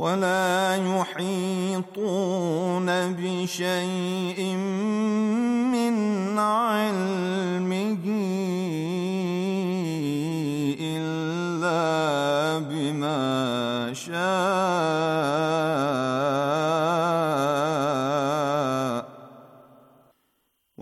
ولا يحيطون بشيء من علمه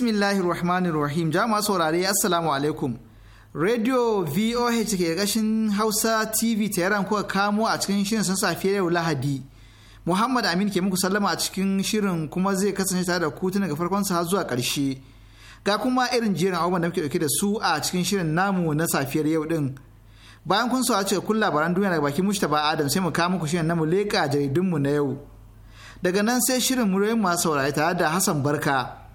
bismillahirrahmanirrahim ja masu Jama'a saurare Assalamu alaikum. Radio VOH ke gashin Hausa TV ta yaran kuka kamo a cikin shirin sun safiya yau Lahadi. Muhammad Amin ke muku sallama a cikin shirin kuma zai kasance tare da ku tun daga farkon sa zuwa ƙarshe. Ga kuma irin jerin abubuwan da muke dauke da su a cikin shirin namu na safiyar yau din. Bayan kun saurara cika kun labaran duniya daga bakin Mustapha Adam sai mu kawo muku shirin namu leƙa jaridunmu na yau. Daga nan sai shirin muryoyin masu saurare tare da Hassan Barka.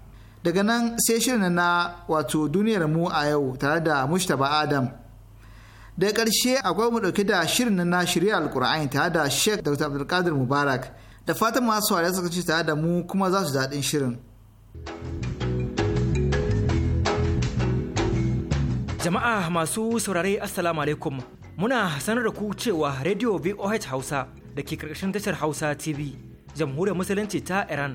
daga nan sai shirin na wato duniyar mu a yau tare da mustapha adam da ƙarshe akwai mu ɗauki da shirin na shirya alkur'ani tare da sheikh dr abdulkadir mubarak da fatan masu wariya suka ci tare da mu kuma za su daɗin shirin jama'a masu saurare assalamu alaikum muna sanar da ku cewa radio voh hausa da ke karkashin tashar hausa tv jamhuriyar musulunci ta iran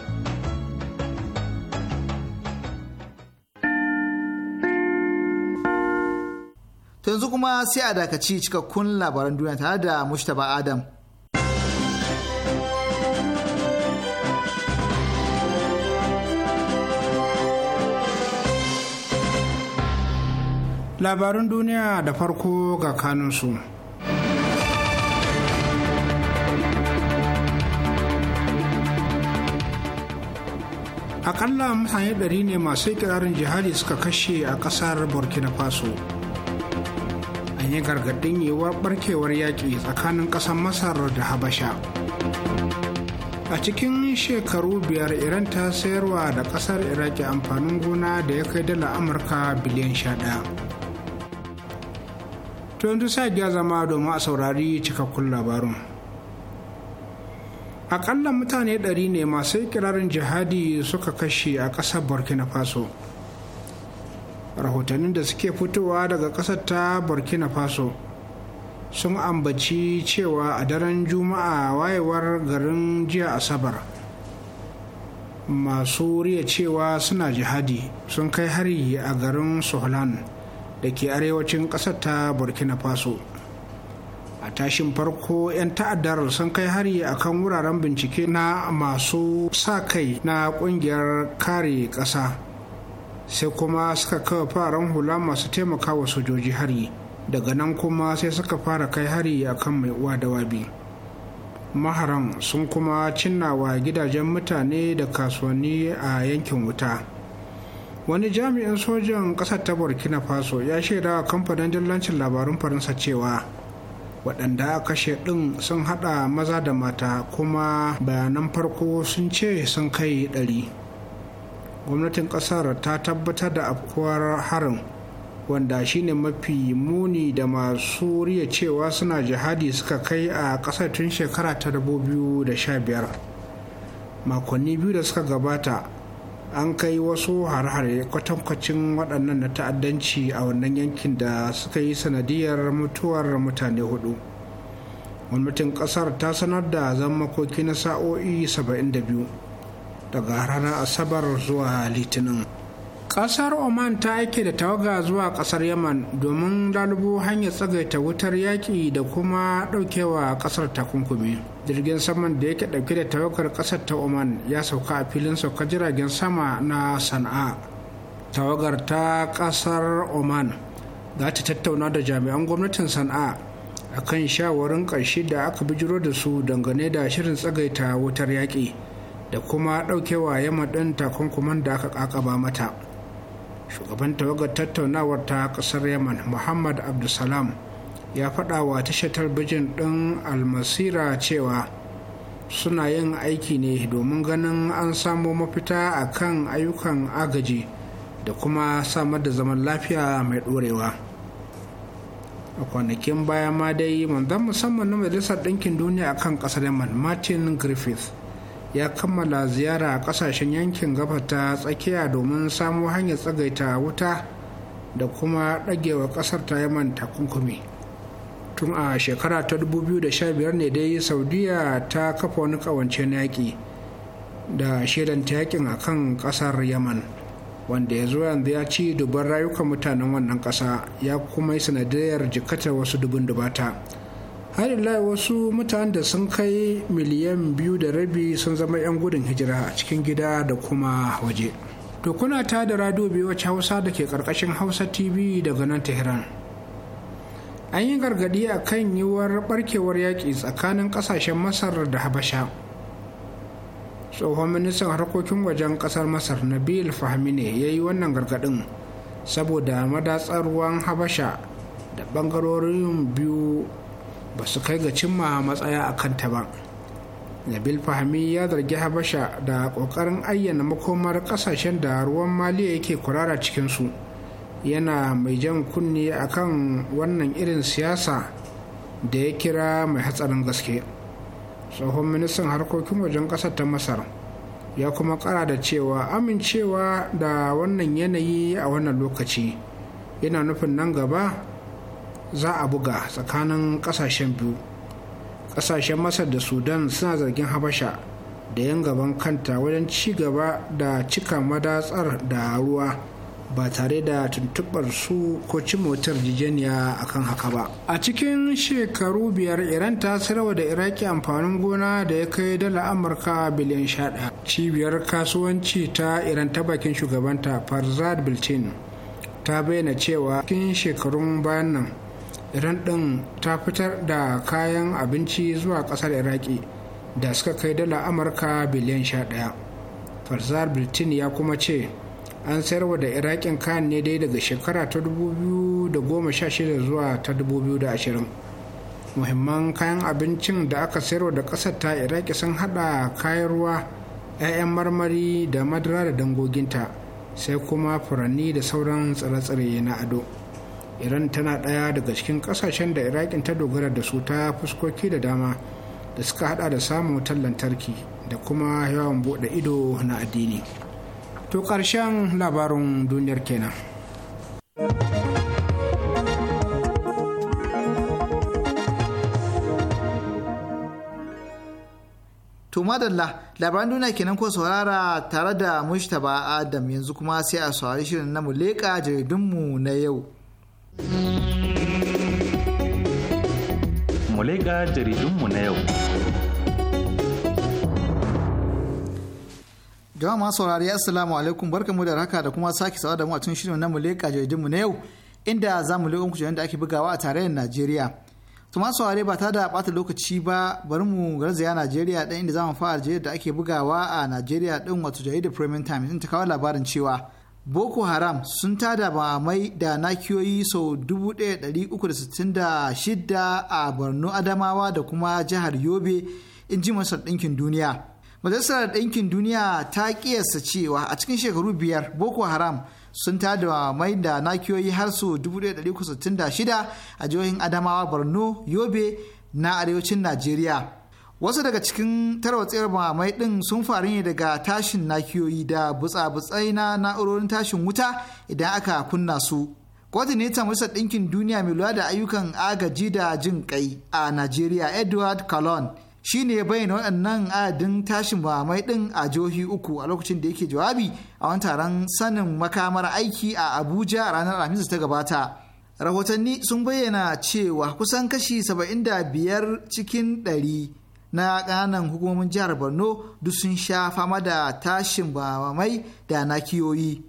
To yanzu kuma sai a dakaci cikakkun labaran duniya tare da Mustapha Adam. Labarin duniya da farko ga kanunsu. Akalla mutane ɗari ne masu ikirarin jihadi suka kashe a ƙasar Burkina Faso. ya gargaɗin yiwuwar barkewar yaƙi tsakanin ƙasar masar da habasha a cikin shekaru biyar iran ta sayarwa da ƙasar iraki amfanin gona da ya kai dala amurka biliyan sha ɗaya to yanzu sa ya zama domin a saurari cikakkun labarun akalla mutane ɗari ne masu kirarin jihadi suka kashe a ƙasar burkina faso rahotannin da suke fitowa daga ƙasar ta burkina faso sun ambaci cewa a daren juma'a wayewar garin jiya asabar masu riya cewa suna jihadi sun kai hari a garin sohlan da ke arewacin ƙasar ta burkina faso a tashin farko 'yan ta'addar sun kai hari a kan wuraren bincike na masu sa kai na ƙungiyar kare ƙasa sai kuma suka kawo faran hula masu taimaka wa sojoji hari daga nan kuma sai suka fara kai hari a kan mai uwa da wabi maharan sun kuma cinnawa gidajen mutane da kasuwanni a yankin wuta wani jami'in sojan ƙasar ta burkina faso ya shaida wa kamfanin dillancin labarun faransa cewa waɗanda kashe ɗin sun haɗa maza da mata kuma bayanan farko sun ce sun kai ɗari gwamnatin kasar ta tabbatar da afkuwar harin wanda shine mafi muni da masu riya cewa suna jihadi suka kai a kasar tun shekara ta sha biyar. makonni biyu da suka gabata an kai wasu har-hare kwatankwacin waɗannan na ta'addanci a wannan yankin da suka yi sanadiyar mutuwar mutane hudu gwamnatin kasar ta sanar da zan makoki na sa'o'i 72 daga ranar asabar zuwa litinin kasar oman ta aike da tawaga zuwa kasar yaman domin lalubo hanyar tsagaita wutar yaƙi da kuma ɗaukewa kasar takunkumi jirgin saman da yake ɗauke da tawagar kasar ta oman ya sauka a filin sauka jiragen sama na sana'a tawagar ta kasar oman za ta tattauna da jami'an gwamnatin sana'a akan shawarin ƙarshe da aka bijiro da su dangane da shirin tsagaita wutar yaƙi da kuma ɗaukewa yamma ɗin takunkuman da aka ƙaƙaba mata shugaban tawagar tattaunawar ta ƙasar yaman muhammad abdulsalam ya faɗa wa tashar talbijin ɗin almasira cewa suna yin aiki ne domin ganin an samo mafita a kan ayyukan agaji da kuma samar da zaman lafiya mai ɗorewa a kwanakin baya ma dai manzan musamman na majalisar ɗinkin duniya a kan ƙasar yaman martin griffith ya kammala ziyara a kasashen yankin gaba ta tsakiya domin samo hanyar tsagaita wuta da kuma ɗagewa ƙasar ta yaman takunkumi tun a shekara ta 2015 ne dai saudiya ta kafa wani ƙawance na yaƙi da ta yaƙin a kan ƙasar yaman wanda ya zo yanzu ya ci dubban rayukan mutanen wannan ƙasa ya kuma yi sanadiyar jikatar wasu dubun dubata. har ila wasu mutanen da sun kai miliyan biyu da rabi sun zama 'yan gudun hijira a cikin gida da kuma waje to kuna ta da rado wacce hausa da ke karkashin hausa tv daga nan tehran an yi gargadi a kan yiwuwar barkewar yaƙi tsakanin ƙasashen masar da habasha tsohon ministan harkokin wajen ƙasar masar nabil fahmine ya yi wannan gargadin saboda madatsar ruwan habasha da ɓangarorin biyu ba su kai ga cimma matsaya a kanta ba nabil fahmi ya zargi habasha da ƙoƙarin ayyana makomar ƙasashen da ruwan maliya yake kurara cikinsu yana mai jan kunne akan wannan irin siyasa da ya kira mai hatsarin gaske tsohon ministan harkokin wajen ƙasar ta masar ya kuma kara da cewa amincewa da wannan yanayi a wannan lokaci yana nufin nan gaba za a buga tsakanin ƙasashen biyu ƙasashen masar da sudan suna zargin habasha da yan gaban kanta wajen ci gaba da cika madatsar da ruwa ba tare da tuntubar su ko cin motar jijeniya kan haka ba a cikin shekaru biyar iran ta sarwa da iraki amfanin gona da ya kai dala amurka biliyan shaɗa cibiyar kasuwanci ta iran ta bakin shugabanta farzad bilcin ta bayyana cewa cikin shekarun bayan nan iran ɗin ta fitar da kayan abinci zuwa ƙasar iraki da suka kai dala amurka biliyan sha 11 farzar britain ya kuma ce an sayarwa da iraƙin kayan ne dai daga shekara ta 2016 zuwa ta 2020 muhimman kayan abincin da aka sayarwa da ƙasar ta iraki sun hada kayan ruwa 'ya'yan marmari da madara da dangoginta sai kuma furanni da sauran tsire-tsire na ado. iran tana ɗaya daga cikin ƙasashen da iraƙin ta dogara da su ta fuskoki da dama da suka hada da samun wutar lantarki da kuma yawan buɗe ido na addini to ƙarshen labarin duniyar kenan To madalla labaran duniya kenan ko saurara tare da mushtaba Adam yanzu kuma sai a saurari shirin na mu leƙa jaridunmu na yau. Mulega jaridunmu na yau. Jama'a masu saurari Assalamu alaikum barkamu da raka da kuma sake sawa da mu a cikin shirin na Mulega jaridunmu na yau inda za mu leƙo kujerun da ake bugawa a tarayyar Najeriya. Tuma saurari ba ta da bata lokaci ba bari mu garzaya Najeriya ɗin inda za mu fara jaridar da ake bugawa a Najeriya ɗin wato jaridar Premium Times in ta kawo labarin cewa boko haram sun tada mamai da nakiyoyi sau 1366 a borno adamawa da kuma jihar yobe in ji masar ɗinkin duniya majalisar ɗinkin duniya ta ƙiyasta cewa a cikin shekaru biyar boko haram sun tada mai da nakiyoyi har su 1,166 a jihohin adamawa borno yobe na arewacin najeriya wasu daga cikin tarwatsiyar mamai ɗin sun faru ne daga tashin nakiyoyi da butsa-butsai na na'urorin tashin wuta idan aka kunna su Coordinator musa Ɗinkin Duniya mai lura da ayyukan agaji da jin kai a Najeriya Edward Colon shi ne ya bayyana waɗannan adadin tashin mamai ɗin a jihohi uku a lokacin da yake jawabi a wani taron sanin makamar aiki a Abuja ranar Alhamis ta gabata. Rahotanni sun bayyana cewa kusan kashi 75 cikin ɗari. na ƙananan hukumomin jihar borno duk sun sha fama da tashin bamai da nakiyoyi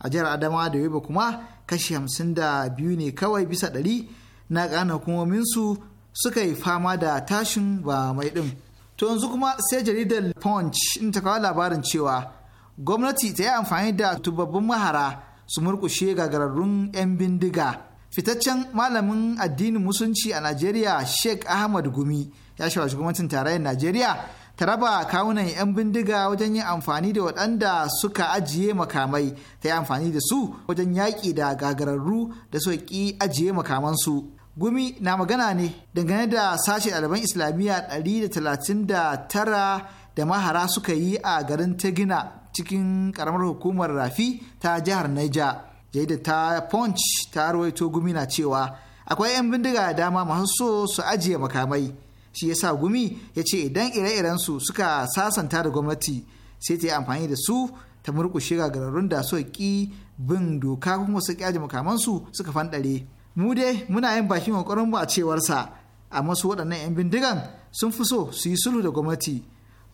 a jihar Adama da yobe kuma kashi hamsin da biyu ne kawai bisa ɗari na ƙananan hukumominsu suka yi fama da tashin bamamai ɗin to yanzu kuma sai jaridar punch in ta kawo labarin cewa gwamnati ta yi amfani da tubabbin mahara su murkushe gagararrun 'yan bindiga fitaccen malamin addinin musulunci a najeriya sheikh ahmad gumi ya shawarci gwamnatin tarayyar najeriya ta raba kawunan 'yan bindiga wajen yin amfani da waɗanda suka ajiye makamai ta yi amfani da su wajen yaƙi da gagararru da suka ajiye makamansu gumi na magana ne dangane da sashe ɗaliban islamiyya ɗari da talatin da da tara mahara suka yi a garin tagina cikin ƙaramar hukumar rafi ta jihar naija jaida ta punch ta ruwaito gumi na cewa akwai 'yan bindiga da dama masu so su ajiye makamai shi ya sa gumi ya ce idan ire-irensu suka sasanta da gwamnati sai ta yi amfani da su ta murƙushe gagararrun da su ƙi bin doka kuma su ƙyaji makamansu suka fanɗare. mu dai muna yin bakin mu a cewarsa amma su waɗannan 'yan bindigan sun fi so su yi sulhu da gwamnati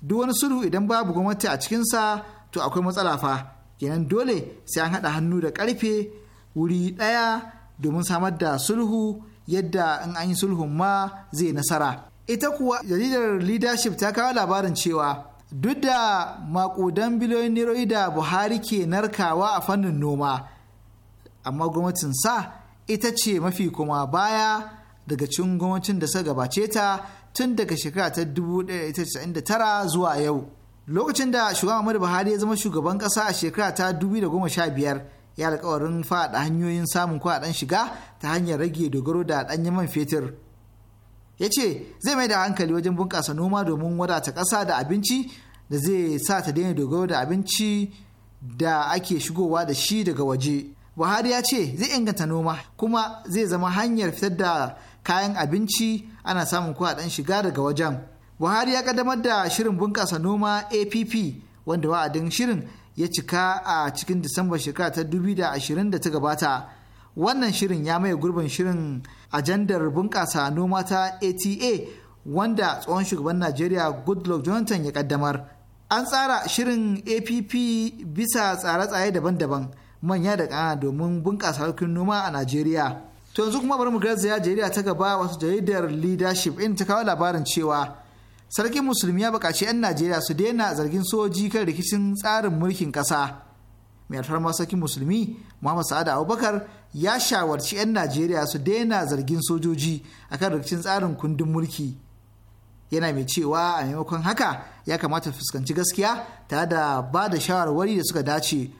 duk wani sulhu idan babu gwamnati a cikinsa to akwai matsala fa kenan dole sai an haɗa hannu da ƙarfe wuri ɗaya domin samar da sulhu yadda in an yi sulhun ma zai nasara ita kuwa jaridar leadership ta kawo labarin cewa duk da makudan biliyoyin da buhari ke narkawa a fannin noma amma gwamnatin sa ita ce mafi kuma baya daga cin gwamnatin da sa gabace ta tun daga shekara ta 1999 zuwa yau lokacin da shugaban Muhammadu Buhari ya zama shugaban kasa a shekara ta 2015 ya alkawarin faɗa hanyoyin samun kwaɗan shiga ta hanyar rage dogaro da ɗanyen man fetur ya ce zai mai da hankali wajen bunƙasa noma domin wadata ƙasa da abinci da zai sa ta daina dogaro da abinci da ake shigowa da shi daga waje buhari ya ce zai inganta noma kuma zai zama hanyar fitar da kayan abinci ana samun kuɗaɗen shiga daga wajen buhari ya kaddamar da shirin bunƙasa noma app wanda wa'adin shirin ya cika a cikin disamba shekara ta 2020 da ta gabata wannan shirin ya maye gurbin shirin ajandar bunƙasa noma ta ata wanda tsohon shugaban najeriya goodluck jonathan ya kaddamar an tsara shirin app bisa tsare-tsare daban-daban manya da ƙana domin bunƙasa harkokin noma a najeriya to yanzu kuma bari mu garzaya jarida ta gaba wasu jaridar leadership in ta kawo labarin cewa sarkin musulmi ya buƙaci 'yan najeriya su daina zargin soji kan rikicin tsarin mulkin ƙasa mai alfarma sarkin musulmi muhammad sa'ad abubakar ya shawarci 'yan najeriya su daina zargin sojoji akan rikicin tsarin kundin mulki yana mai cewa a maimakon haka ya kamata fuskanci gaskiya tare da ba da shawarwari da suka dace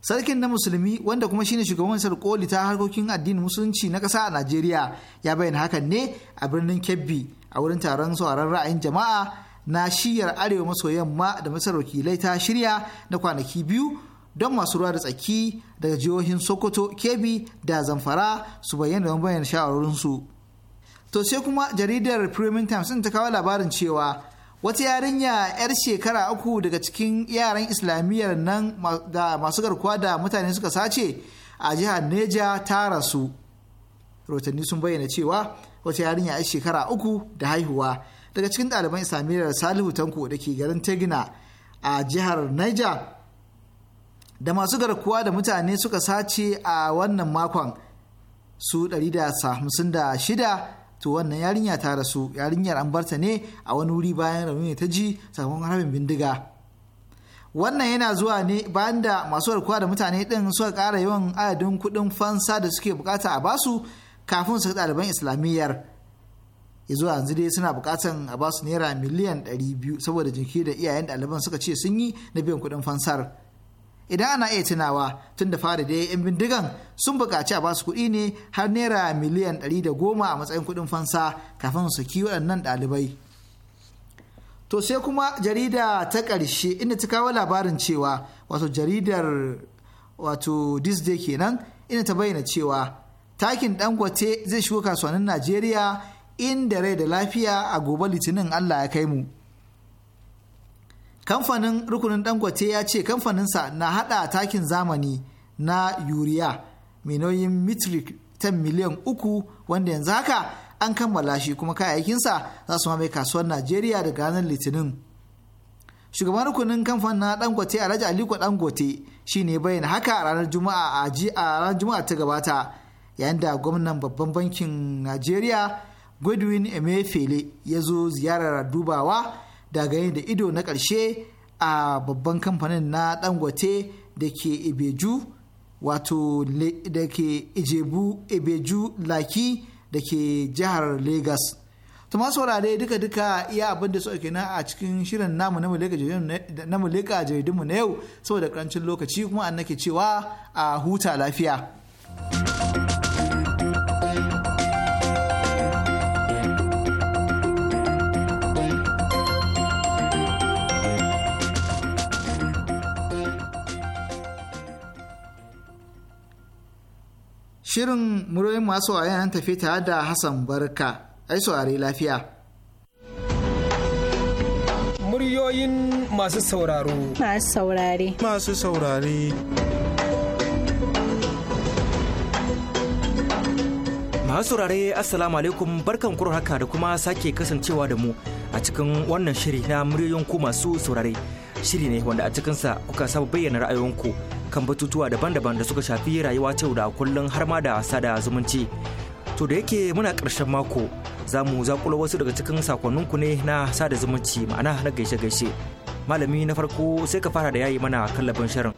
sarkin na musulmi wanda kuma shine shugaban sar koli ta harkokin addinin musulunci na ƙasa a najeriya ya bayyana hakan ne a birnin kebbi a wurin taron sauraron ra'ayin jama'a na shiyar arewa maso yamma da masarar wakilai ta shirya na kwanaki biyu don masu ruwa da tsaki daga jihohin sokoto kebbi da zamfara su bayyana don bayyana shawarorinsu to sai kuma jaridar premium times ta kawo labarin cewa wata yarinya 'yar shekara uku daga cikin yaran islamiyyar nan da masu garkuwa da mutane suka sace a jihar neja ta rasu rotanni sun bayyana cewa wata yarinya 'yar shekara uku da haihuwa daga cikin ɗaliban islamiyyar salihu tanko da ke garin tegina a jihar niger da masu garkuwa da mutane suka sace a wannan makon su 156 to wannan yarinya ta rasu yarinyar an barta ne a wani wuri bayan rauni ne ta ji sakamakon harbin bindiga wannan yana zuwa ne bayan da masu garkuwa da mutane din suka kara yawan adadin kuɗin fansa da suke bukata a basu kafin su ɗaliban islamiyyar ya zuwa yanzu dai suna bukatan a basu naira miliyan 200 saboda jinki da iyayen ɗaliban suka ce sun yi na biyan kuɗin fansar. idan ana iya tunawa tun da fara dai yan bindigan sun bukaci a basu kuɗi ne har naira miliyan ɗari da goma a matsayin kuɗin fansa kafin su ki waɗannan ɗalibai to sai kuma jarida ta ƙarshe inda ta kawo labarin cewa wato jaridar wato disney kenan inda ta bayyana cewa takin dangote zai shigo kasuwannin najeriya inda rai da lafiya a gobe litinin allah ya kai mu kamfanin rukunin dangote ya ce kamfaninsa na hada takin zamani na yuriya mai nauyin metric 10 miliyan uku wanda yanzu haka an kammala shi kuma kayayyakinsa za su mamaye kasuwar najeriya da ranar litinin shugaban rukunin kamfanin na dangote alhaji aliko dangote ne bayyana haka a ranar juma'a a ranar juma'a ta gabata yayin da gwamnan babban bankin najeriya godwin emefiele ya zo ziyarar dubawa yin da ido na ƙarshe a babban kamfanin na dangote da ke ibeju wato da ke ijebu ibeju laki da ke jihar lagos tuma saurare duka duka iya abin da suke kenan a cikin shirin namu na mulika jaridunmu na yau saboda karancin lokaci kuma an nake cewa a huta lafiya Shirin muryoyin masu a an tafi tare da Hassan Barka, ai saurari lafiya. Muryoyin masu sauraro. Masu saurare. Masu saurare. Masu saurare Assalamu alaikum barkan kuro haka da kuma sake kasancewa da mu a cikin wannan shiri na muryoyin ku masu saurare. Shiri ne wanda a cikinsa kuka saba bayyana ra'ayoyinku. kan batutuwa daban-daban da suka shafi rayuwa yau da kullum har ma da sada zumunci. To da yake muna ƙarshen mako za mu zaƙula wasu daga cikin sakonninku ne na sada zumunci ma'ana na gaishe-gaishe. Malami na farko sai ka fara da yayi mana kallabin shirin.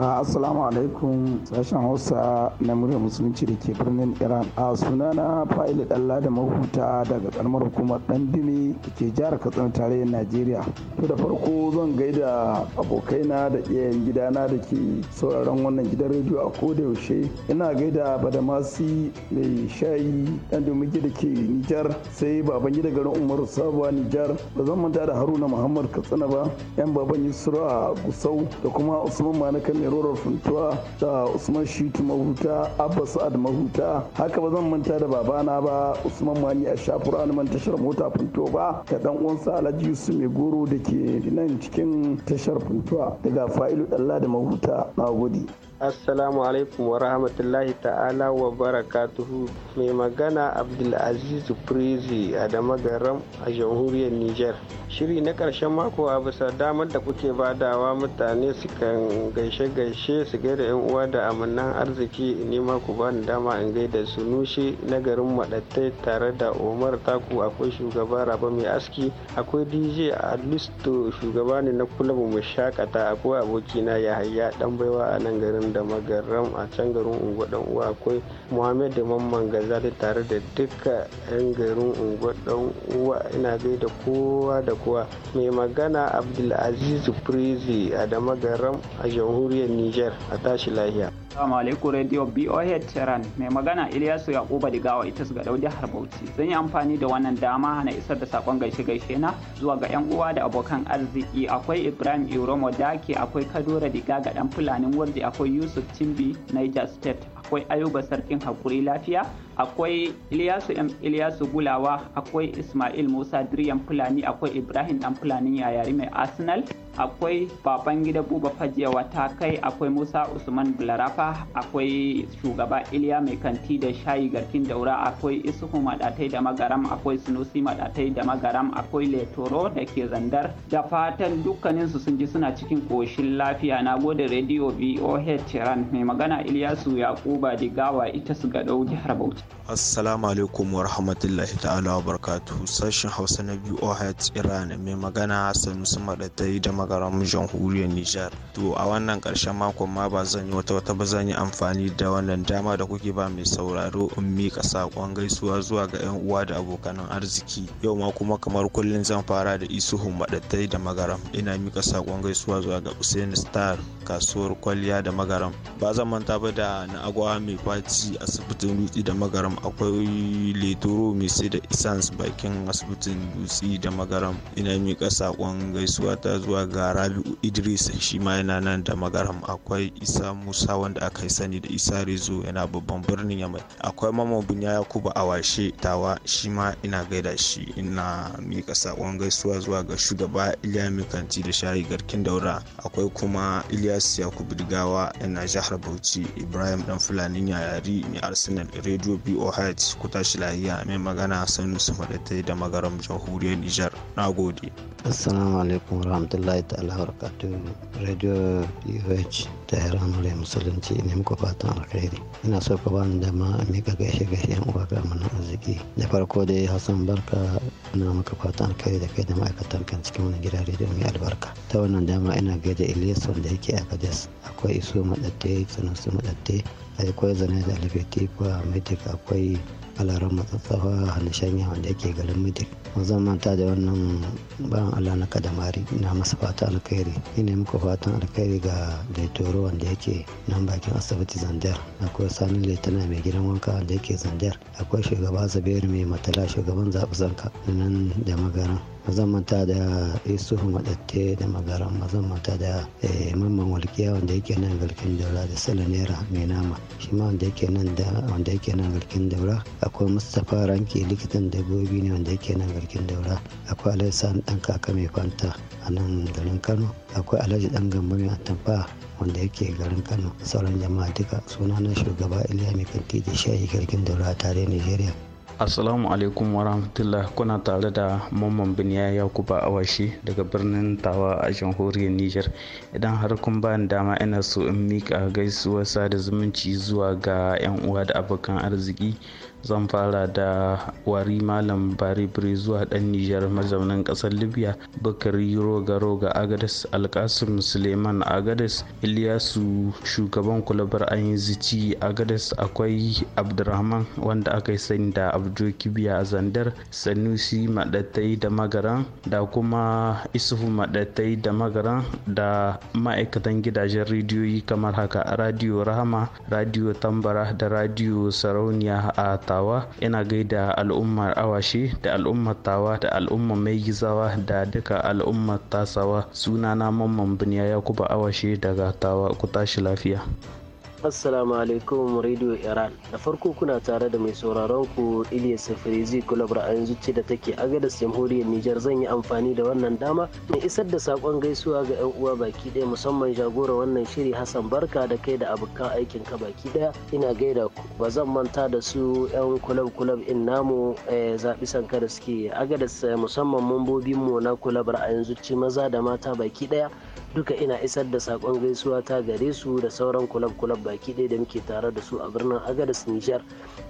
Ah, assalamu alaikum sashen hausa na murya musulunci da ke birnin iran a ah, sunana fa'ila dalla da mahuta daga karamar hukumar dan dimi da ke jihar katsina tarayyar najeriya to da farko zan gaida abokaina da iyayen gidana da ke sauraron wannan gidan rediyo a koda yaushe ina gaida badamasi mai shayi dan da ke nijar sai baban gida garin umaru sabuwa nijar ba zan manta da haruna muhammad katsina ba yan baban yusra gusau da kuma usman manakan Irorar Funtuwa da Usman Shitu Mahuta Abba Sa'ad Mahuta haka ba zan manta da babana ba Usman Mani a shafura na tashar mota Funtuwa ba da dan uwansa Alhaji Yusuf Mai Goro da ke nan cikin tashar Funtuwa daga Fa'ilu Dalla da Mahuta na gode. Assalamu alaikum wa rahmatullahi ta'ala wa barakatuhu mai magana Abdulaziz Prezi a Damagaram a jamhuriyar Nijar. Shiri na ƙarshen mako a bisa damar da kuke badawa mutane su kan gaishe-gaishe su gaida 'yan uwa da amannan arziki ne mako ku bani dama in gaida su nushe na garin maɗattai tare da Umar Taku akwai shugaba Raba mai aski akwai DJ Alisto shugaba ne na kulabu mu shakata akwai abokina Yahaya dan baiwa a nan garin da magaram a can garin unguwa dan uwa akwai muhammed da mamman gaza da tare da duka yan garin unguwa dan uwa ina da kowa da kowa mai magana abdulaziz prezi a da magaram a jamhuriyar niger a tashi lahiya Assalamu alaikum Radio BOH Tehran mai magana Ilyasu Yakuba gawa ita ga Daudi Harbauchi. Zan yi amfani da wannan dama na isar da sakon gaishe gaishe na zuwa ga yan uwa da abokan arziki akwai Ibrahim Iromo daki akwai Kadura Diga ga dan Fulanin Wardi akwai Yusuf Timbi Niger State akwai ayuba sarkin hakuri lafiya akwai iliyasu m iliyasu gulawa akwai ismail musa diriyan fulani akwai ibrahim dan fulani yayari mai arsenal akwai baban gida buba fajiya kai akwai musa usman bularafa akwai shugaba iliya mai kanti da shayi garkin daura akwai isuhu madatai da magaram akwai sunusi madatai da magaram akwai letoro da ke zandar da fatan dukkaninsu sun ji suna cikin koshin lafiya na gode rediyo voh tehran mai magana iliyasu yaku ayuba digawa ita su ga jihar bauchi assalamu alaikum wa rahmatullahi ta'ala wa barkatu sashen hausa na biyu ohat iran mai magana hassan musamman da ta yi da jamhuriyar nijar to a wannan ƙarshen makon ma ba zan yi wata wata ba zan yi amfani da wannan dama da kuke ba mai sauraro in miƙa saƙon gaisuwa zuwa ga yan uwa da abokan arziki yau ma kuma kamar kullum zan fara da isuhun maɗatai da magaram ina miƙa saƙon gaisuwa zuwa ga usain star kasuwar kwalliya da magaram ba zan manta ba da na agwa mai faci asibitin rutsi da magaram akwai leturo mai sai da isans bakin asibitin dutse da magaram ina miƙa saƙon gaisuwa ta zuwa ga rabi'u idris shi ma yana nan da magaram akwai isa musa wanda aka yi sani da isa rezo yana babban birnin yamai akwai mama bunya a awashe tawa shi ma ina gaida shi ina miƙa saƙon gaisuwa zuwa ga shugaba iliya kanti da shari garkin daura akwai kuma ilyas yakubu digawa yana jihar bauchi ibrahim dan fulani yayari mai arsenal radio bo BOH ku tashi lahiya mai magana Sanusi Madatai da magaram jamhuriyar Nijar. Na gode. Assalamu alaikum warahmatullahi ta'ala barakatuhu. Radio UH ta Hiramurai Musulunci ne muka fatan alkhairi. Ina so ka bani dama a mika gaishe gaishe yan uwa ga mana arziki. Da farko dai Hassan Barka ina muka fatan alkhairi da kai da ma'aikatan kan cikin wani gida rediyo mai albarka. Ta wannan dama ina gaida Ilyas da yake a Gadas. Akwai Iso Madatai, Sanusi Madatai, akwai zane da a mitik akwai alaran matsatsafa hannashanya wanda yake garin mitik mazan manta da wannan bayan allah na kadamari na masu fata alkhairi ina muku fatan alkhairi ga daitoro wanda yake nan bakin asibiti zandar akwai sanin laitana mai gidan wanka wanda yake zandar akwai shugaba zabiyar mai matala shugaban zaɓi zanka nan da magana mazamanta da isuhu madatte da magaran mazamanta da eh, mamman walƙiya wanda yake nan garkin daura da sala naira mai nama shi ma wanda yake nan da wanda yake nan garkin daura akwai mustapha ranki likitan dabbobi ne wanda yake nan garkin daura akwai alhassan dan kaka mai fanta a nan garin kano akwai alhaji dan gamba mai atamfa wanda yake garin kano sauran jama'a duka sunana shugaba iliya mai kanti da shayi garkin daura tare nigeria Assalamu alaikum wa rahmatullah kuna tare da Mamman Biniya Yakuba Awashi daga birnin Tawa a jamhuriyar niger Idan har kun ba dama ina so in mika gaisuwar sada zumunci zuwa ga 'yan uwa da abokan arziki zan fara da wari malam bari zuwa dan nijar mazaunin kasar libya bakari roga roga agadis alkasim suleiman agadis iliyasu shugaban kulabar zici agadis akwai abdurrahman wanda aka yi sani da abdu kibiya a zandar sanusi madatai da magaran da kuma isufu madatai da magaran da ma'aikatan gidajen rediyoyi kamar haka radio rahama radio tambara da radio sarauniya a tawa ina gaida al'ummar awashi da al'ummar tawa da al'ummar mai gizawa da duka al'ummar tasawa sunana mamman biniya yakuba awashi daga tawa ku tashi lafiya Assalamu alaikum Radio Iran. Da farko kuna tare da mai sauraron ku Ilyas Firizi a ra'ayin zuci da take agadas jamhuriyar Nijar zan yi amfani da wannan dama na isar da sakon gaisuwa ga yan uwa baki ɗaya musamman jagora wannan shiri Hassan Barka da kai da abokan aikin ka baki ɗaya ina gaida ku ba zan manta da su yan kulab kulab in namu eh, zaɓi sanka da suke agadas eh, musamman mambobin mu na a ra'ayin zuci maza da mata baki ɗaya duka ina isar da sakon gaisuwa ta gare su da sauran kulab kulab baki ɗaya da muke tare da su a birnin agadas nijar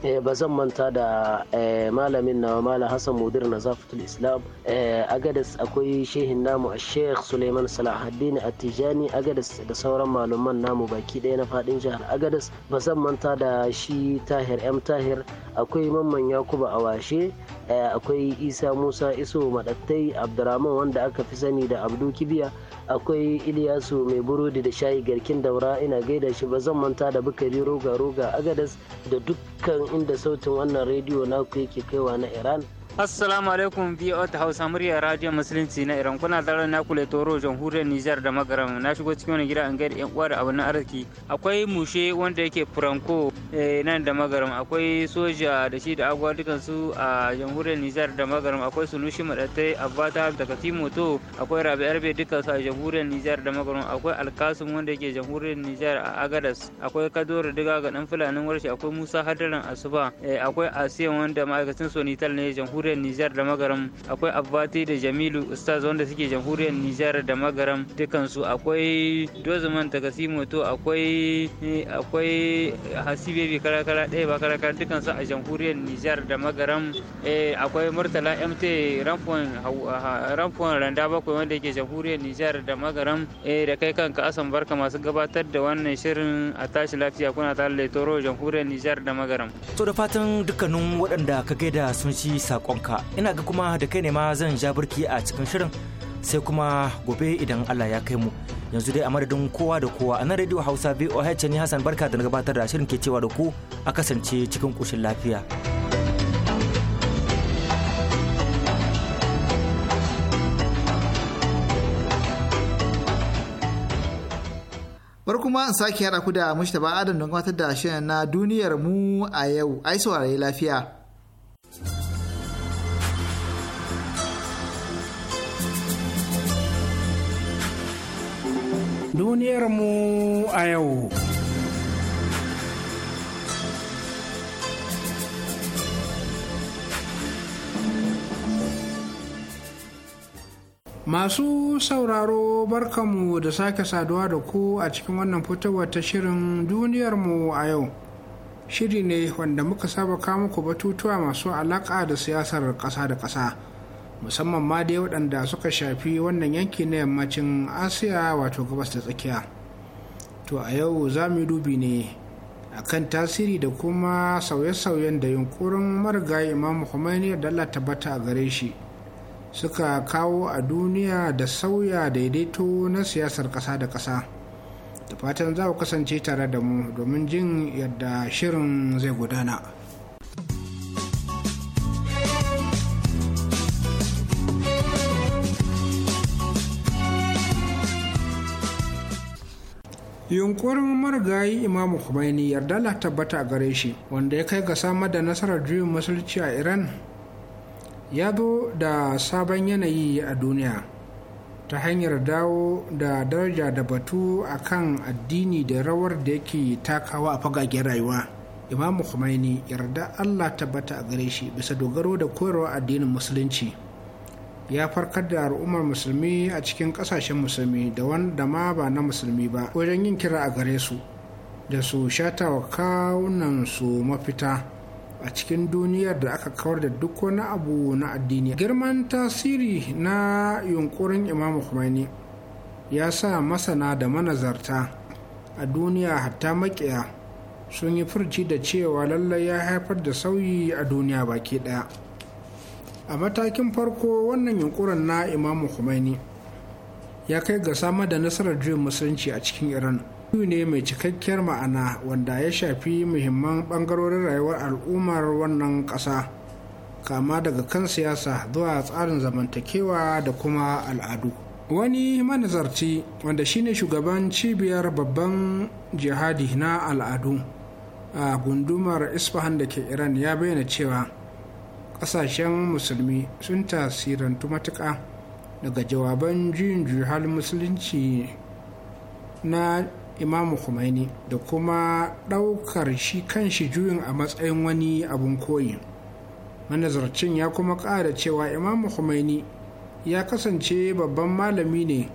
eh, ba zan manta da eh, malamin na mala hassan mudir na zafatul islam eh, agadas akwai shehin namu a sheikh suleiman salahaddin a tijani agadas da sauran malaman namu baki ɗaya na faɗin jihar agadas ba zan manta da shi tahir m tahir akwai mamman yakuba washe akwai isa musa iso madattai abdurrahman wanda aka fi sani da abdu kibiya akwai Iliyasu mai burodi da shayi garkin daura ina gaida shi ba zan manta da Bukari Roga Roga Agadas da dukkan inda sautin wannan rediyo naku yake kaiwa na Iran. Assalamu alaikum biyo Hausa murya Radio Musulunci na Iran kuna da na kule toro jamhuriyar Nijar da Magaram na shigo cikin wani gida an gaida yan uwa da na arziki akwai mushe wanda yake Franco eh, nan da Magaram akwai soja da shi da agwa dukan su a jamhuriyar Nijar da Magaram akwai Sunushi Madatai abata da Katimo to akwai Rabi Arbe dukan su a jamhuriyar Nijar da Magaram akwai Alkasum wanda yake jamhuriyar Nijar a Agadas akwai Kadoro Diga ga dan Fulanin Warshi akwai Musa Hadaran Asuba eh, akwai Asiya wanda ma'aikacin Sonital ne jamhuriyar jamhuriyar Nijar da Magaram akwai Abbati da Jamilu Ustaz wanda suke jamhuriyar Nijar da Magaram dukansu akwai Dozuman Takasimo to akwai akwai Hasibe karakara ɗaya ba karakara dukansu a jamhuriyar Nijar da Magaram eh, akwai Murtala MT Ramfon Ramfon Randa bakwai wanda yake jamhuriyar Nijar da Magaram eh, da kai kanka Asan Barka masu gabatar da wannan shirin a tashi lafiya kuna tare da Toro jamhuriyar Nijar da Magaram. To da fatan dukkanin waɗanda ka gaida sun ci saƙon sakonka ina ga kuma da kai ne ma zan ja birki a cikin shirin sai kuma gobe idan Allah ya kai mu yanzu dai a madadin kowa da kowa a nan radio hausa voh ne hassan barka da na gabatar da shirin ke cewa da ku a kasance cikin kushin lafiya. bar kuma in sake haɗa ku da mushtaba adam don gabatar da shirin na duniyar mu a yau ai saurari lafiya. duniyarmu a yau. Masu sauraro barkanmu da sake saduwa da ku a cikin wannan fitowar ta shirin duniyarmu a yau. Shiri ne wanda muka saba kamuku batutuwa masu alaƙa da siyasar ƙasa da ƙasa. musamman ma dai waɗanda suka shafi wannan yanki na yammacin asiya wato gabas da tsakiya to a yau za mu dubi ne a kan tasiri da kuma sauye-sauyen da yunkurin marigayi imam Khomeini da Allah tabbata a gare shi suka kawo a duniya da sauya daidaito na siyasar ƙasa da ƙasa da fatan za ku kasance tare da mu domin jin yadda shirin zai gudana. yunkurin marigayi imamu khomeini yarda la tabbata gare shi wanda ya kai ga samar da nasarar juyin musulci a iran ya zo da sabon yanayi a duniya ta hanyar dawo da daraja da batu a kan addini da rawar da yake takawa a fagagen rayuwa imamu khomeini yarda allah tabbata a gare shi bisa dogaro da koyarwa addinin musulunci ya farkar da al'ummar musulmi a cikin kasashen musulmi da wanda ma ba na musulmi ba wajen yin kira a gare su da su shata wa kawunan su mafita a cikin duniyar da aka kawar da duk wani abu na addini girman tasiri na yunkurin imam Khomeini ya sa masana da manazarta a duniya hatta makiya sun yi furci da cewa lallai ya haifar da sauyi a duniya baki daya a matakin farko wannan yunkurin na imamu khomeini ya kai ga samar da nasarar juyin musulunci a cikin iran yu ne mai cikakkiyar ma'ana wanda ya shafi muhimman bangarorin rayuwar al'ummar wannan ƙasa kama daga kan siyasa zuwa tsarin zamantakewa da kuma al'adu wani manazarci wanda shine shugaban cibiyar babban jihadi na al'adu a gundumar isfahan da ke iran ya bayyana cewa ƙasashen musulmi sun tasirantu matuƙa daga jawaban juyin juhal musulunci na imamu Khomeini da kuma ɗaukar shi kanshi juyin a matsayin wani abun koyi manazarcin ya kuma ƙara cewa imamu Khomeini ya kasance babban malami ne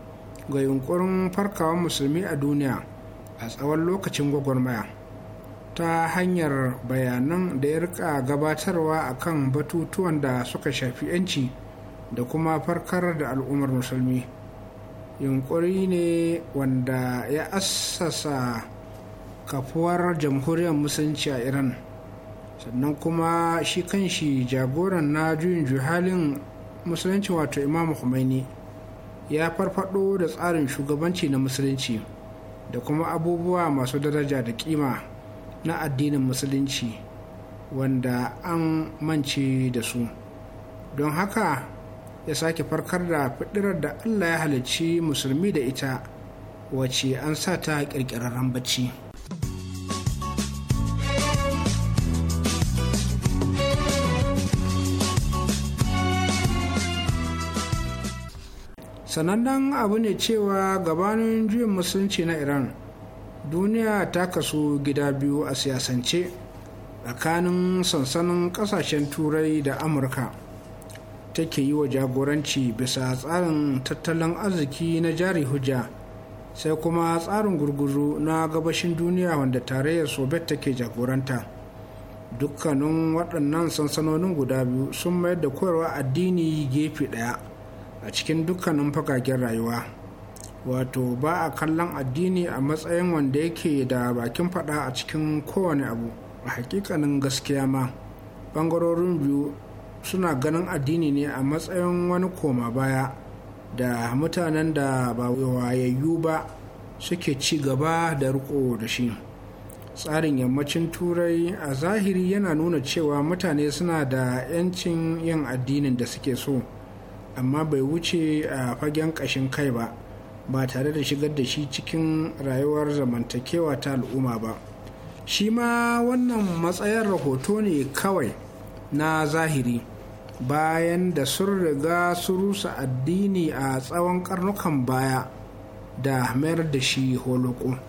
ga yunkurin farkawa musulmi a duniya a tsawon lokacin gwagwarmaya ta hanyar bayanan da ya rika gabatarwa a kan batutuwan da suka shafi 'yanci da kuma farkar da al'ummar musulmi yunkuri ne wanda ya assasa kafuwar jamhuriyar musulunci a iran sannan kuma shi kanshi jagoran na juyin juhalin musulunci wato imam khomeini ya farfado da tsarin shugabanci na musulunci da kuma abubuwa masu daraja da kima na addinin musulunci wanda an mance da su don haka ya sake farkar da fidirar da allah ya halicci musulmi da ita wace an sa ta kirkirarren bacci sanannen abu ne cewa gabanin juyin musulunci na iran duniya ta kasu gida biyu a siyasance tsakanin sansanin kasashen turai da amurka take yi wa jagoranci bisa tsarin tattalin arziki na jari hujja sai kuma tsarin gurguzu na gabashin duniya wanda tarayyar soviet take jagoranta dukkanin waɗannan sansanonin guda biyu sun mayar da koyarwa addini gefe ɗaya a cikin dukkanin fagagen rayuwa wato ba a kallon addini a matsayin wanda yake da bakin fada a cikin kowane abu a hakikanin gaskiya ma bangarorin biyu suna ganin addini ne a matsayin wani koma baya da mutanen da ba wayayyu ba suke ci gaba da riko da shi tsarin yammacin turai a zahiri yana nuna cewa mutane suna da 'yancin yin addinin da suke so amma bai wuce a fagen ƙashin kai ba ba tare da shigar da shi cikin rayuwar zamantakewa ta al'umma ba shi ma wannan matsayar rahoto ne kawai na zahiri bayan da sun riga su rusa addini a tsawon karnukan baya da mayar da shi holoko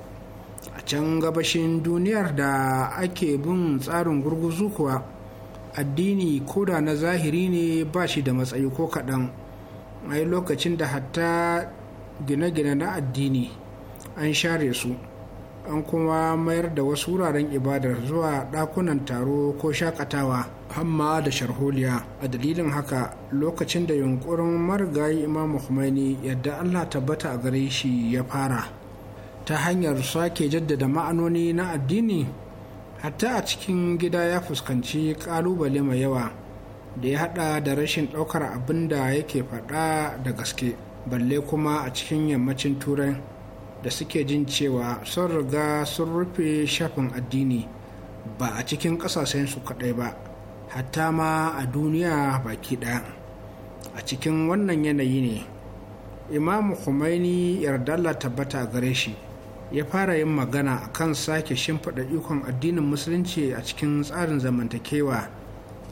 a can gabashin duniyar da ake bin tsarin gurguzu kuwa addini koda na zahiri ne ba shi da matsayi ko kaɗan ai lokacin da hatta gine-gine na addini an share su an kuma mayar da wasu wuraren ibadar zuwa ɗakunan taro ko shakatawa hamma da sharholiya a dalilin haka lokacin da yunkurin marigayi imam Khomeini yadda allah tabbata a gare shi ya fara ta hanyar sake jaddada ma'anoni na addini hatta a cikin gida ya fuskanci ƙalubale mai yawa da ya hada da rashin ɗaukar abin da yake faɗa da gaske balle kuma a cikin yammacin turai da suke jin cewa sun riga sun rufe shafin addini ba a cikin su kaɗai ba hatta ma a duniya baki ɗaya a cikin wannan yanayi ne imamu Khomeini yardalla tabbata gare shi ya fara yin magana a kan sake shimfiɗa ikon addinin musulunci a cikin tsarin zamantakewa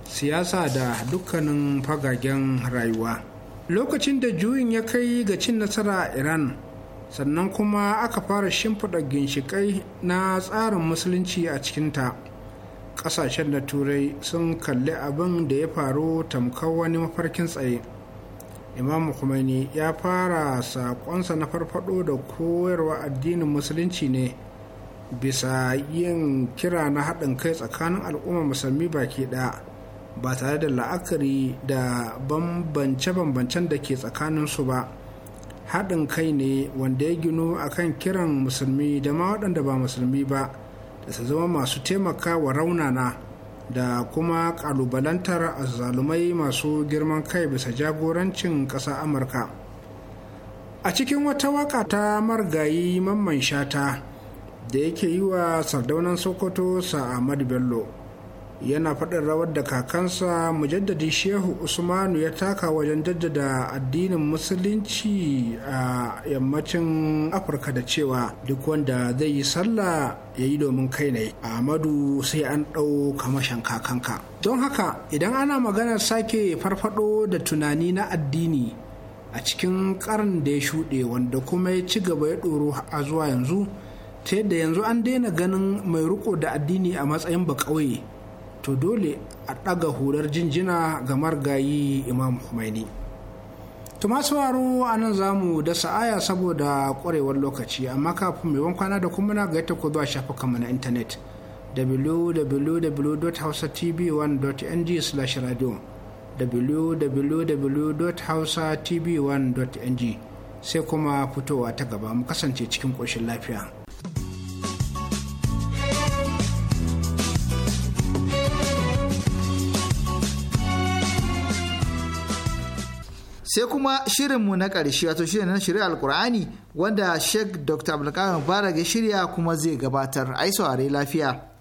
siyasa da dukkanin fagagen rayuwa lokacin da juyin ya kai ga cin nasara a iran sannan kuma aka fara shimfiɗa ginshiƙai na tsarin musulunci a cikinta ƙasashen da turai sun kalli abin da ya faru tamkar wani mafarkin tsaye imam Khomeini ya fara saƙonsa na farfaɗo da koyarwa addinin musulunci ne bisa yin kira na haɗin kai tsakanin al'umma musulmi baki ɗaya ba tare da la'akari da bambance-bambancen da ke tsakaninsu ba haɗin kai ne wanda ya gino a kan kiran musulmi da ma waɗanda ba musulmi ba da su zama masu taimaka wa raunana da kuma ƙalubalantar zalumai masu girman kai bisa jagorancin ƙasa amurka a cikin wata waka ta margayi mamman shata da yake yi wa sardaunan sokoto sa'amadu bello yana faɗin rawar da kakansa mujaddadi shehu usmanu ya taka wajen jaddada addinin musulunci a yammacin afirka da cewa duk wanda zai yi sallah ya yi domin kai ne amadu sai an ɗau kamashin kakanka don haka idan ana maganar sake farfado da tunani na addini a cikin ƙarin da ya shuɗe wanda kuma ya ci gaba ya ɗoro a zuwa yanzu ta yadda yanzu an daina ganin mai riko da addini a matsayin ba to dole a ɗaga hular jinjina ga margayi imam Khomeini. to masu waro a nan za mu dasa aya saboda ƙwarewar lokaci amma kafin mai wankwana da kuma na gaita ku zuwa shafukanmu na intanet www.hausatv1.ng/radio www.hausatv1.ng sai kuma fitowa ta gaba mu kasance cikin ƙoshin lafiya. sai kuma shirinmu na ƙarshe wato shirin na shirin alkur'ani wanda sheikh dr abdulkadir mubarak ya shirya kuma zai gabatar ai saurari lafiya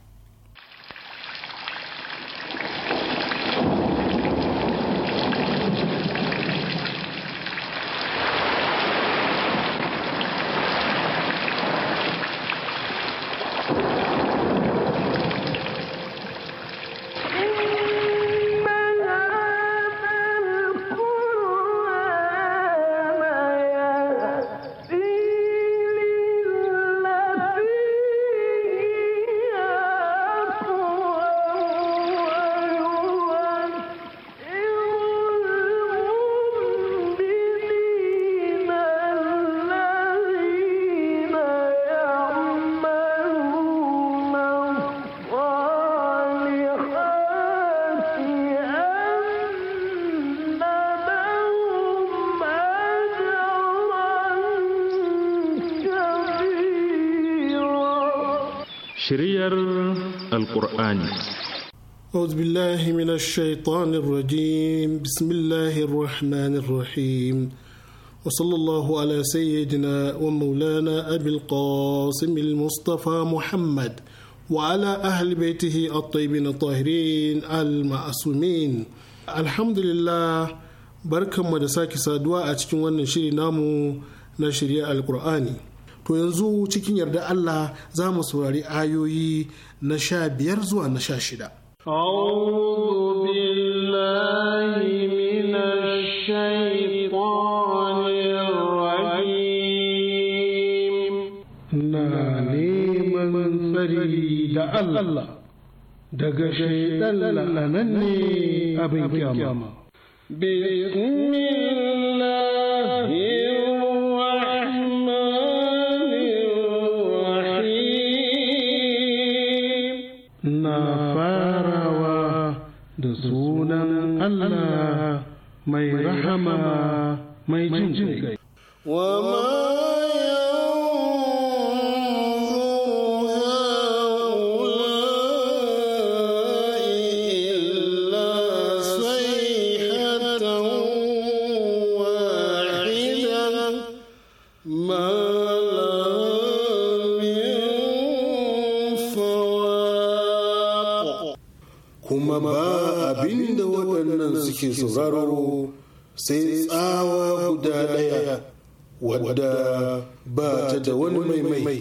أعوذ بالله من الشيطان الرجيم بسم الله الرحمن الرحيم وصلى الله على سيدنا ومولانا أبي القاسم المصطفى محمد وعلى أهل بيته الطيبين الطاهرين المعصومين الحمد لله بركة مدساك سادوا أتكون ونشري نامو نشري القرآني to yanzu cikin yarda Allah za mu saurari ayoyi na sha biyar zuwa na sha shida أعوذ بالله من الشيطان الرجيم ناني من دق بسم الله da sunan Allah mai rahama mai jin kai. zanzaro sai tsawa guda ɗaya wadda ba ta da wani mai mai.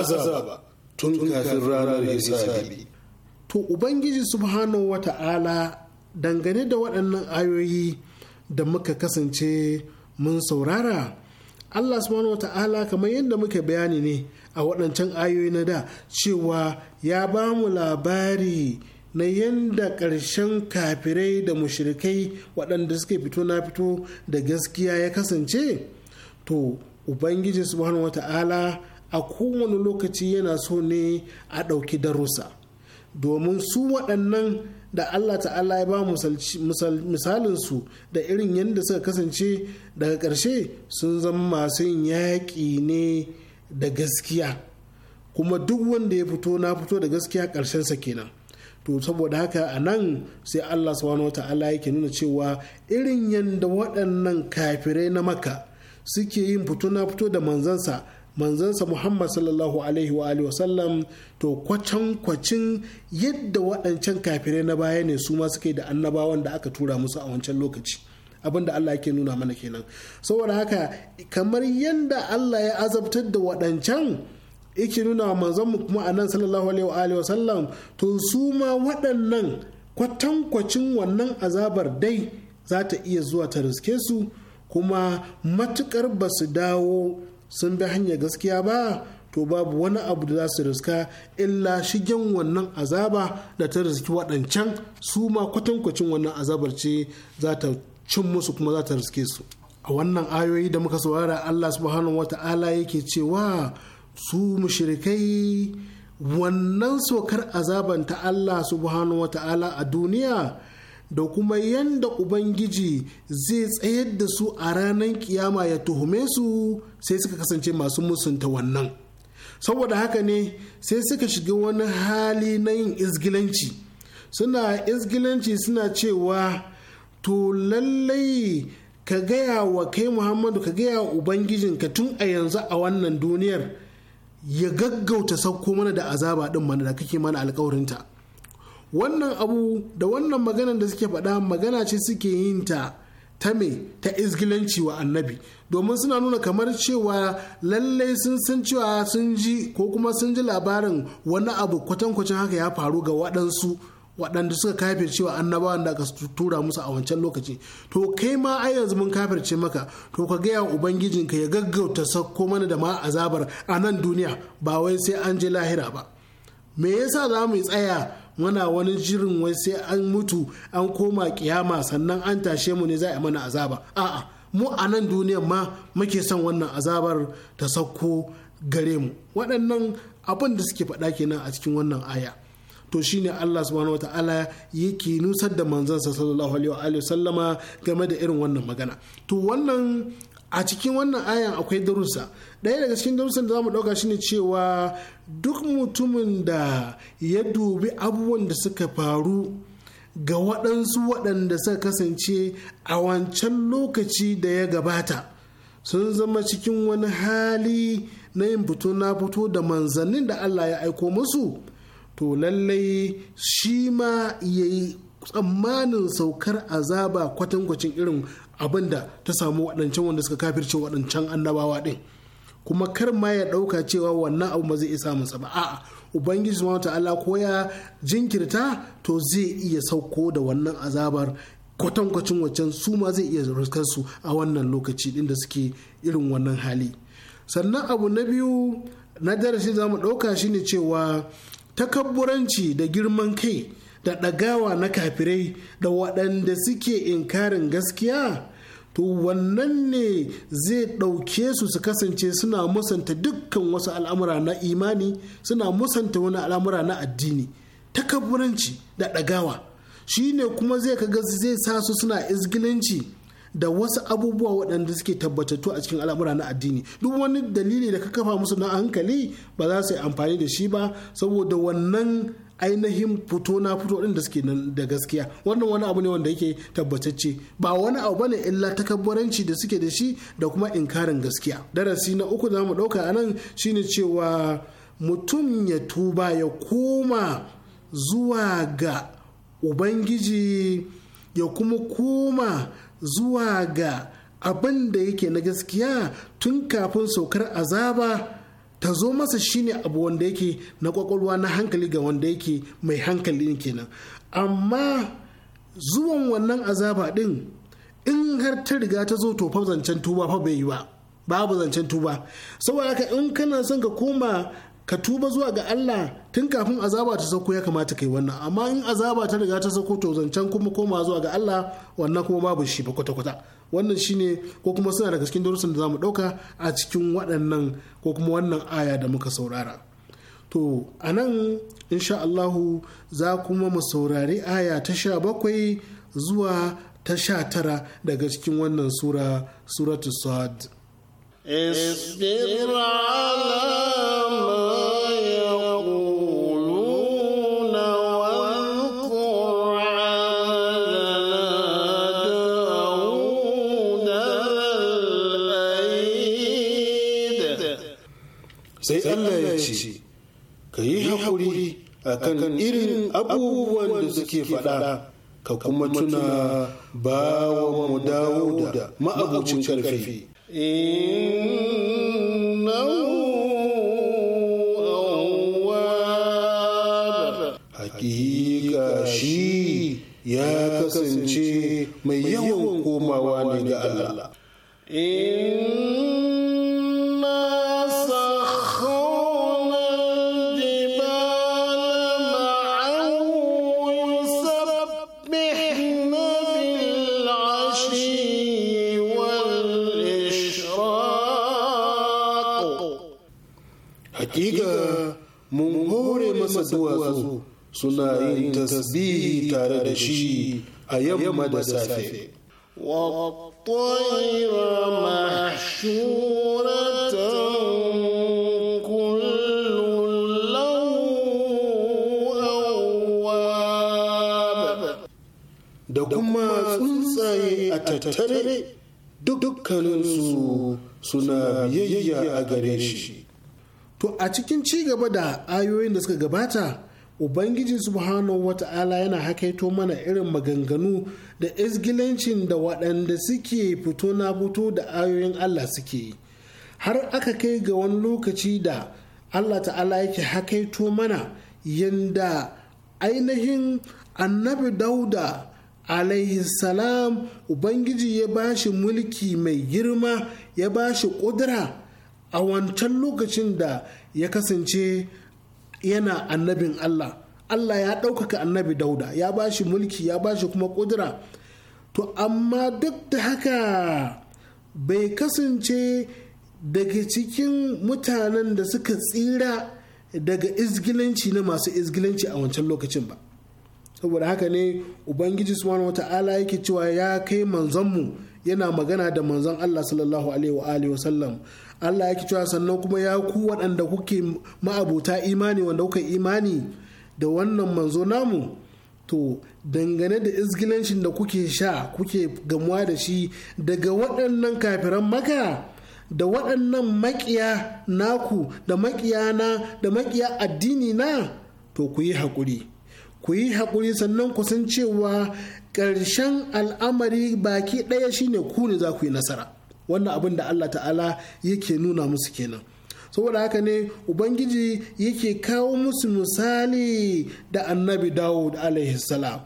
azaba tun kafin ranar hisabi to ubangiji subhanahu ta'ala, dangane da waɗannan ayoyi da muka kasance mun saurara Allah subhanahu ta'ala kamar yadda muka bayani ne a waɗancan ayoyi na da cewa ya ba mu labari na yadda ƙarshen kafirai da mushrikai waɗanda suke fito na fito da gaskiya ya kasance to ubangiji subhanahu wa ta'ala, a kowane lokaci yana so ne a ɗauki darussa domin su waɗannan da Allah ta'ala ya ba misalin su da irin yadda suka kasance daga ƙarshe sun zama masu yin yaƙi ne da gaskiya kuma duk wanda ya fito na fito da gaskiya ƙarshensa kenan to saboda haka a nan sai Allah subhanahu ta'ala yake nuna cewa irin yadda waɗannan kafirai na maka suke yin fito na fito da manzansa manzansa muhammad sallallahu alaihi wa alihi wasallam to kwacan kwacin yadda waɗancan kafirai na baya ne su ma suke da annabawan da aka tura musu a wancan lokaci abin da Allah yake nuna mana kenan saboda haka kamar yadda Allah ya azabtar da waɗancan yake nuna wa manzan mu kuma anan sallallahu alaihi wa sallam to su ma waɗannan kwatankwacin wannan azabar dai za ta iya zuwa ta riske su kuma matukar ba su dawo sun bi hanyar gaskiya ba to babu wani abu da za su riska illa shigen wannan azaba da ta riski waɗancan su ma kwatankwacin wannan azabar ce za ta cin musu kuma za ta riske su a wannan ayoyi da muka saurara Allah subhanahu wata'ala yake cewa su mushrikai wannan saukar azaban ta Allah subhanahu wata'ala a duniya da kuma yadda ubangiji zai tsayar da su a ranar kiyama ya tuhume su sai suka kasance masu musunta wannan saboda haka ne sai suka shiga wani hali na yin izgilanci suna izgilanci suna cewa to lallai ka gaya wa kai muhammadu ka gaya wa Ubangijin ka tun a yanzu a wannan duniyar ya gaggauta sauko mana da azaba din mana da kake mana alkawarinta wannan abu da wannan maganan da suke faɗa magana ce suke yin ta ta me ta izgilanci wa annabi domin suna nuna kamar cewa lallai sun san cewa sun ji ko kuma sun ji labarin wani abu kwatankwacin haka ya faru ga waɗansu waɗanda suka kafirce wa annabawan da aka tura musu a wancan lokaci to kai ma ai yanzu mun kafirce maka to ka gaya wa ubangijinka ya gaggauta sakko mana da ma azabar a nan duniya ba wai sai an je lahira ba me yasa za mu tsaya muna wani jirin wai sai an mutu an koma kiyama sannan an tashe mu ne za a mana azaba a'a mu a nan duniyar ma muke son wannan azabar ta sauko gare mu waɗannan abin da suke faɗa kenan a cikin wannan aya to shine Allah subhanahu ta'ala yake nusar da manzansa sallallahu alaihi wa sallama game da irin wannan magana to wannan a cikin wannan ayan akwai darussa ɗaya daga cikin darussan da za mu ɗauka shine cewa duk mutumin da ya dubi abubuwan da suka faru ga waɗansu waɗanda suka kasance a wancan lokaci da ya gabata sun zama cikin wani hali na yin fito na fito da manzannin da Allah ya aiko musu to lallai shi ma ya yi tsammanin saukar azaba kwatankwacin irin abinda ta samu waɗancan wanda suka kafirce waɗancan annabawa ɗin kuma kar ma ya ɗauka cewa wannan abu ba zai iya sa ba a'a ubangiji subhanahu ta'ala ko ya jinkirta to zai iya sauko da wannan azabar kwatankwacin waccan su ma zai iya su a wannan lokaci ɗin da suke irin wannan hali sannan abu na biyu na darasi za mu ɗauka shine cewa takabburanci da girman kai da ɗagawa na kafirai da waɗanda suke inkarin gaskiya to wannan ne zai ɗauke su su kasance suna musanta dukkan wasu al'amura na imani suna musanta wani al'amura na addini takabburanci da ɗagawa shi ne kuma zai kaga zai sa su suna izgilanci da wasu abubuwa waɗanda suke tabbatattu a cikin al'amura na addini duk wani dalili da ka kafa musu na hankali ba za su yi amfani da shi ba saboda wannan ainihin fito na fito din da suke da gaskiya wannan wani abu ne wanda yake tabbatacce ba wani abu bane illa takabbaranci da suke da shi da kuma inkarin gaskiya darasi na uku da mu dauka anan shine cewa mutum ya tuba ya koma zuwa ga ubangiji ya kuma koma zuwa ga abin da yake na gaskiya tun kafin saukar azaba ta zo masa shine abu wanda yake na kwakwalwa na hankali ga wanda yake mai hankali kenan amma zuwan wannan azaba din in har ta riga ta zo to fa zancen tuba fa bai yi ba babu zancen tuba saboda haka in kana son ka koma ka tuba zuwa ga Allah tun kafin azaba ta sauko ya kamata kai wannan amma in azaba ta riga ta sauko to zancen kuma koma zuwa ga Allah wannan kuma babu shi ba kwata-kwata wannan shine ko kuma suna daga cikin darussan da za mu dauka a cikin waɗannan ko kuma wannan aya da muka saurara to a nan insha Allahu za kuma mu saurari aya ta sha bakwai zuwa ta sha tara daga cikin wannan sura suratu sad اصبر sai Allah ya ce ka yi haƙuri akan irin abubuwan da suke faɗa ka kuma tuna bawan mu dawo da ma'abucin ƙarfi hakika shi ya kasance mai yawan komawa ne ga Allah. suna yin tasbihi tare da shi a yamma da safe da kuma tsuntsaye a tattare dukkaninsu suna biyayya a gare shi. To a cikin ci gaba da ayoyin da suka gabata ubangiji subhanahu wata'ala yana hakaito mana irin maganganu da izgilancin da waɗanda suke fito na fito da ayoyin allah suke har aka kai ga wani lokaci da allah ta'ala yake hakaito mana yanda ainihin annabi dauda alaihi salam ubangiji ya bashi mulki mai girma ya bashi ƙudura a wancan lokacin da ya kasance yana annabin Allah Allah ya ɗaukaka annabi dauda ya ba shi mulki ya ba shi kuma ƙudura to amma duk da haka bai kasance daga cikin mutanen da suka tsira daga izgilanci na masu izgilanci a wancan lokacin ba saboda haka ne ubangiji subhanahu wata'ala yake cewa ya kai mu, yana magana da manzon Allah sallallahu alaihi wa sallam Allah ya ki cewa sannan kuma ya ku waɗanda kuke ma'abuta imani wanda kuka imani da wannan manzo namu to dangane da izgilancin da kuke sha kuke gamuwa da shi daga waɗannan kafiran maka da waɗannan maƙiya naku da maƙiya na da maƙiya addini na to ku yi haƙuri ku yi haƙuri sannan ku san cewa ƙarshen al'amari baki ɗaya shine ku ne za ku yi nasara wannan abin da Allah ta'ala yake nuna musu kenan saboda haka ne ubangiji yake kawo musu misali da annabi dawud alaihi salam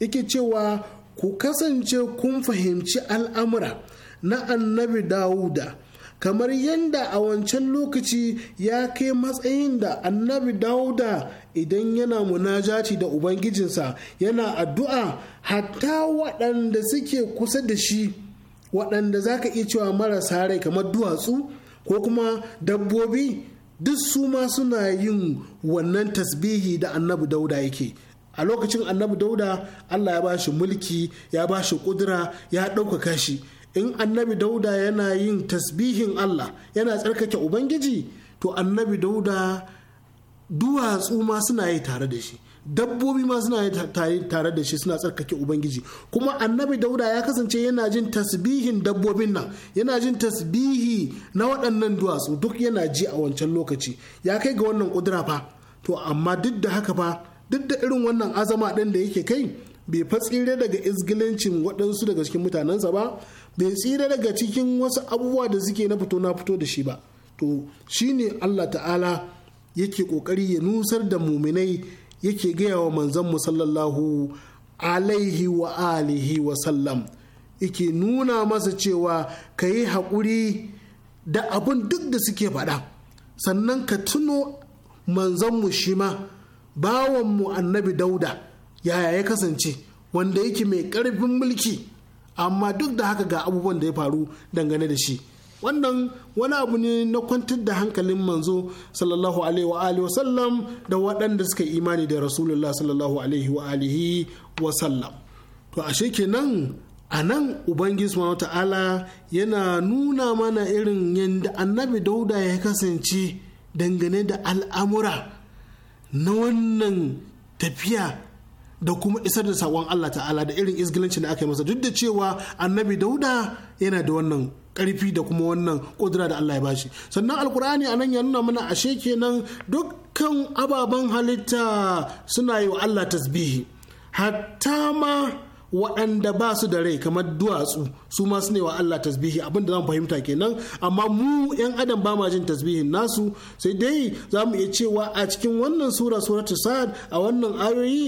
yake cewa ku kasance kun fahimci al'amura na annabi dawuda kamar yadda a wancan lokaci ya kai matsayin da annabi Dawuda idan yana munajaci da ubangijinsa yana addu'a hatta waɗanda suke kusa da shi waɗanda za ka iya cewa marasa rai kamar duwatsu ko kuma dabbobi duk su ma suna yin wannan tasbihi da annabi dauda yake a lokacin annabi dauda allah ya ba shi mulki ya ba shi kudura ya ɗaukaka shi in annabi dauda yana yin tasbihin allah yana tsarkake ubangiji to annabi dauda duwatsu ma suna yi tare da shi dabbobi ma suna tare da shi suna tsarkake ubangiji kuma annabi dauda ya kasance yana jin tasbihin dabbobin nan yana jin tasbihi na waɗannan duwatsu duk yana ji a wancan lokaci ya kai ga wannan kudura fa to amma duk da haka fa duk da irin wannan azama ɗin da yake kai bai fa tsire daga izgilancin waɗansu daga cikin mutanensa ba bai tsire daga cikin wasu abubuwa da suke na fito na fito da shi ba to shine Allah ta'ala yake kokari ya nusar da muminai yake gaya wa manzon mu sallallahu alaihi wa alihi wa sallam yake nuna masa cewa ka yi haƙuri da abun duk da suke faɗa sannan ka tuno manzonmu shi ma mu annabi dauda yaya ya kasance wanda yake mai ƙarfin mulki amma duk da haka ga abubuwan da ya faru dangane da shi wannan wani abu ne na kwantar da hankalin manzo sallallahu alaihi wa alihi wasallam da waɗanda suka imani da rasulullah sallallahu alaihi wa alihi wasallam to ashe kenan a nan ubangiji subhanahu ta'ala yana nuna mana irin yadda annabi dauda ya kasance dangane da al'amura na wannan tafiya da kuma isar da saƙon Allah ta'ala da irin izgilancin da aka yi masa duk da cewa annabi dauda yana da wannan karfi da kuma wannan kudura da Allah ya bashi sannan alkur'ani anan ya nuna mana ashe kenan dukkan ababen halitta suna yi wa Allah tasbihi hatta ma waɗanda ba su da rai kamar duwatsu su ma su ne wa Allah tasbihi abinda zamu fahimta kenan amma mu yan adam ba ma jin tasbihin nasu sai dai za mu iya cewa a cikin wannan sura suratul sa'ad a wannan ayoyi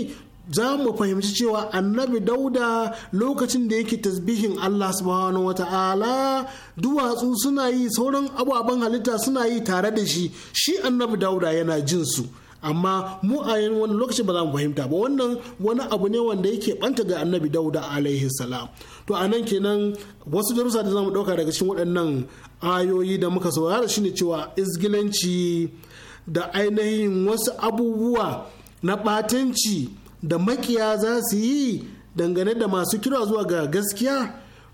za mu fahimci cewa annabi dauda lokacin da yake tasbihin Allah subhanahu ta'ala duwatsu suna yi sauran ababen halitta suna yi tare da shi shi annabi dauda yana jin su amma mu a yin wani lokaci ba za mu fahimta ba wannan wani abu ne wanda yake banta ga annabi dauda alaihi salam to a nan kenan wasu darussa da za mu ɗauka daga cikin waɗannan ayoyi da muka saurara shine cewa izgilanci da ainihin wasu abubuwa na ɓatanci da makiya za su yi dangane da masu kira zuwa ga gaskiya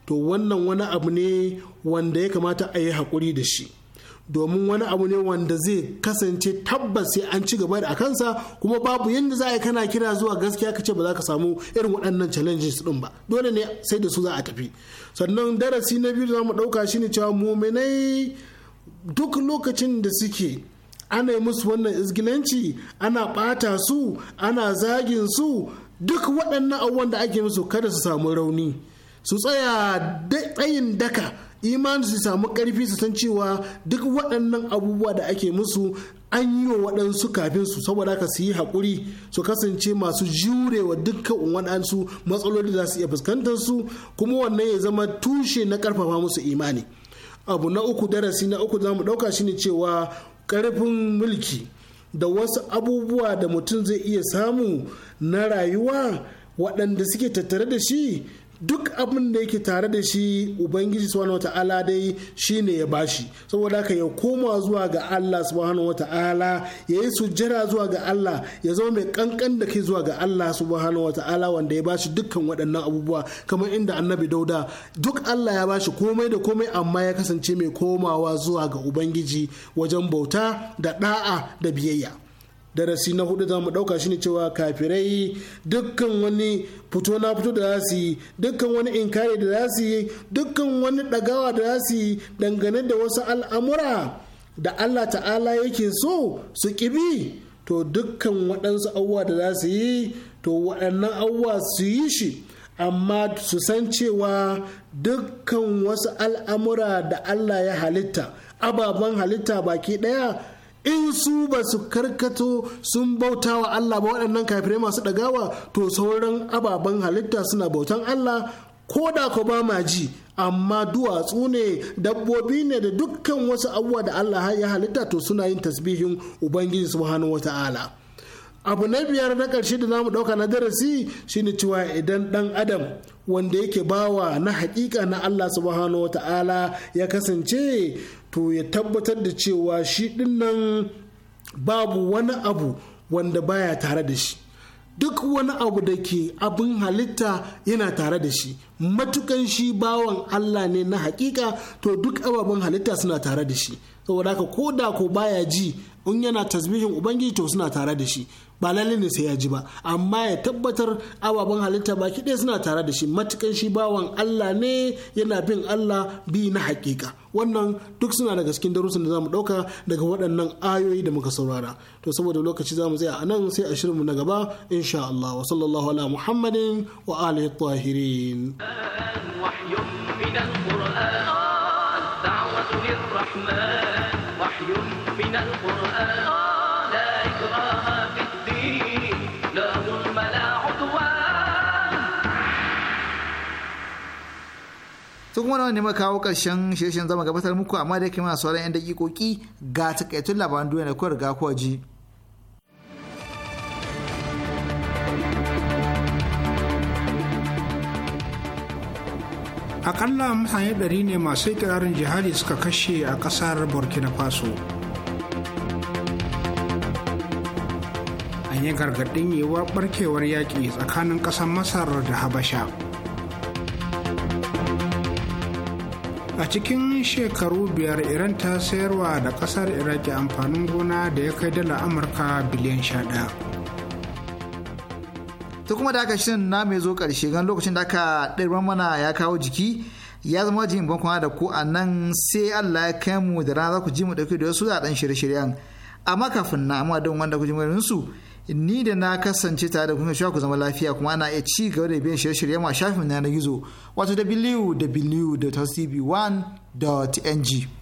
to wannan wani abu ne wanda ya kamata a yi haƙuri da shi domin wani abu ne wanda zai kasance tabbas sai an ci gaba da a kansa kuma babu yadda za a yi kana kira zuwa gaskiya ka ce ba za ka samu irin waɗannan challenges ɗin ba dole ne sai da su za a tafi sannan darasi na biyu za mu ɗauka shi ne cewa muminai duk lokacin da suke ana yi musu wannan izgilanci ana ɓata su ana zagin su duk waɗannan abubuwan da ake musu kada su samu rauni su tsaya tsayin daka imanin su samu ƙarfi su san cewa duk waɗannan abubuwa da ake musu an yi wa waɗansu kafin su saboda ka su yi haƙuri su kasance masu jurewa dukkan waɗansu matsaloli da su iya fuskantar su kuma wannan ya zama tushe na ƙarfafa musu imani abu na uku darasi na uku za mu ɗauka shine cewa karfin mulki da wasu abubuwa da mutum zai iya samu na rayuwa waɗanda suke tattare da shi duk abin da yake tare da shi ubangiji subhanahu wata'ala dai shine ya bashi saboda haka ya koma zuwa ga Allah subhanahu wata'ala ya yi sujjara zuwa ga Allah ya zama mai kankan da ke zuwa ga Allah subhanahu wata'ala wanda ya bashi dukkan waɗannan abubuwa kamar inda annabi dauda duk Allah ya bashi komai da komai amma ya kasance mai komawa zuwa ga ubangiji wajen bauta da da'a da biyayya darasi na hudu za mu dauka ne cewa kafirai dukkan wani fito na fito da su yi dukkan wani inkari da su yi dukkan wani dagawa da su yi dangane da wasu al'amura da Allah ta'ala yake so su kibi to dukkan waɗansu abubuwa da za su yi to waɗannan abubuwa su yi shi amma su san cewa dukkan wasu al'amura da Allah ya halitta ababen halitta baki ɗaya in su ba su karkato sun bauta wa Allah ba waɗannan kafirai masu ɗagawa to sauran ababen halitta suna bautan Allah ko da ko ba ma ji amma duwatsu ne dabbobi ne da dukkan wasu abubuwa da Allah ya halitta to suna yin tasbihin Ubangiji subhanahu ta'ala. abu na biyar na ƙarshe da namu ɗauka na darasi shine cewa idan ɗan adam wanda yake bawa na haƙiƙa na Allah subhanahu Ta'ala ya kasance to ya tabbatar da cewa shi dinnan babu wani abu wanda baya tare da shi duk wani abu da ke abin halitta yana tare da shi matukan shi bawan Allah ne na haƙiƙa to duk ababen halitta suna tare da shi saboda haka ko da ko baya ji in yana tasbihin ubangiji to suna tare da shi ba lalle ne sai ya ji ba amma ya tabbatar ababen halitta baki ɗaya suna tare da shi matukan shi bawan Allah ne yana bin Allah bi na hakika wannan duk suna daga cikin darussan da zamu ɗauka daga waɗannan ayoyi da muka saurara to saboda lokaci zamu tsaya a nan sai a shirinmu na gaba insha Allah wa sallallahu ala muhammadin wa alihi tahirin من القرآن sun kuma wani mai kawo ƙarshen shirin zama gabatar muku amma da kima sauran 'yan dakikoki ga takaitun labaran duniya da kuwa riga kuwa ji. akalla mutane ɗari ne masu turarin jihadi suka kashe a ƙasar burkina faso an yi gargaɗin yiwuwar ɓarkewar yaƙi tsakanin ƙasar masar da habasha a cikin shekaru biyar iran ta sayarwa da kasar iraki amfanin gona da ya kai dala amurka biliyan sha ɗaya ta kuma da shi shirin na mai zo karshe gan lokacin da aka ɗirman mana ya kawo jiki ya zama jin bankwana da ku a nan sai allah ya kai mu da rana za ku ji mu ɗauke da wasu ɗan shirye-shiryen amma kafin na amma don wanda ku ji su ni da na kasance tare da kuma ku zama lafiya kuma ana iya ci gaba da biyan shirye-shirye ma shafin na gizo wato wwwtcb 1ng